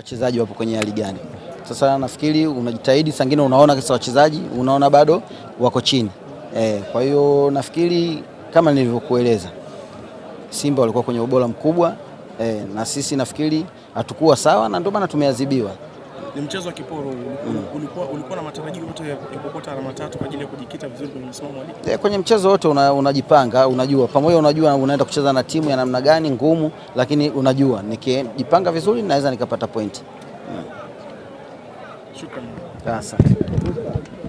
Wachezaji wapo kwenye hali gani? Sasa nafikiri unajitahidi, sangine unaona kisa wachezaji unaona bado wako chini e. Kwa hiyo nafikiri kama nilivyokueleza, Simba walikuwa kwenye ubora mkubwa e, na sisi nafikiri hatukuwa sawa na ndio maana tumeadhibiwa ni mchezo wa kiporo mm. Ulikuwa, ulikuwa na matarajio yote ya kupata alama tatu kwa ajili ya kujikita vizuri kwenye msimamo wa ligi? Eh, kwenye mchezo wote unajipanga, una unajua pamoja, unajua unaenda kucheza na timu ya namna gani ngumu, lakini unajua nikijipanga vizuri naweza nikapata pointi. Shukrani. Asante.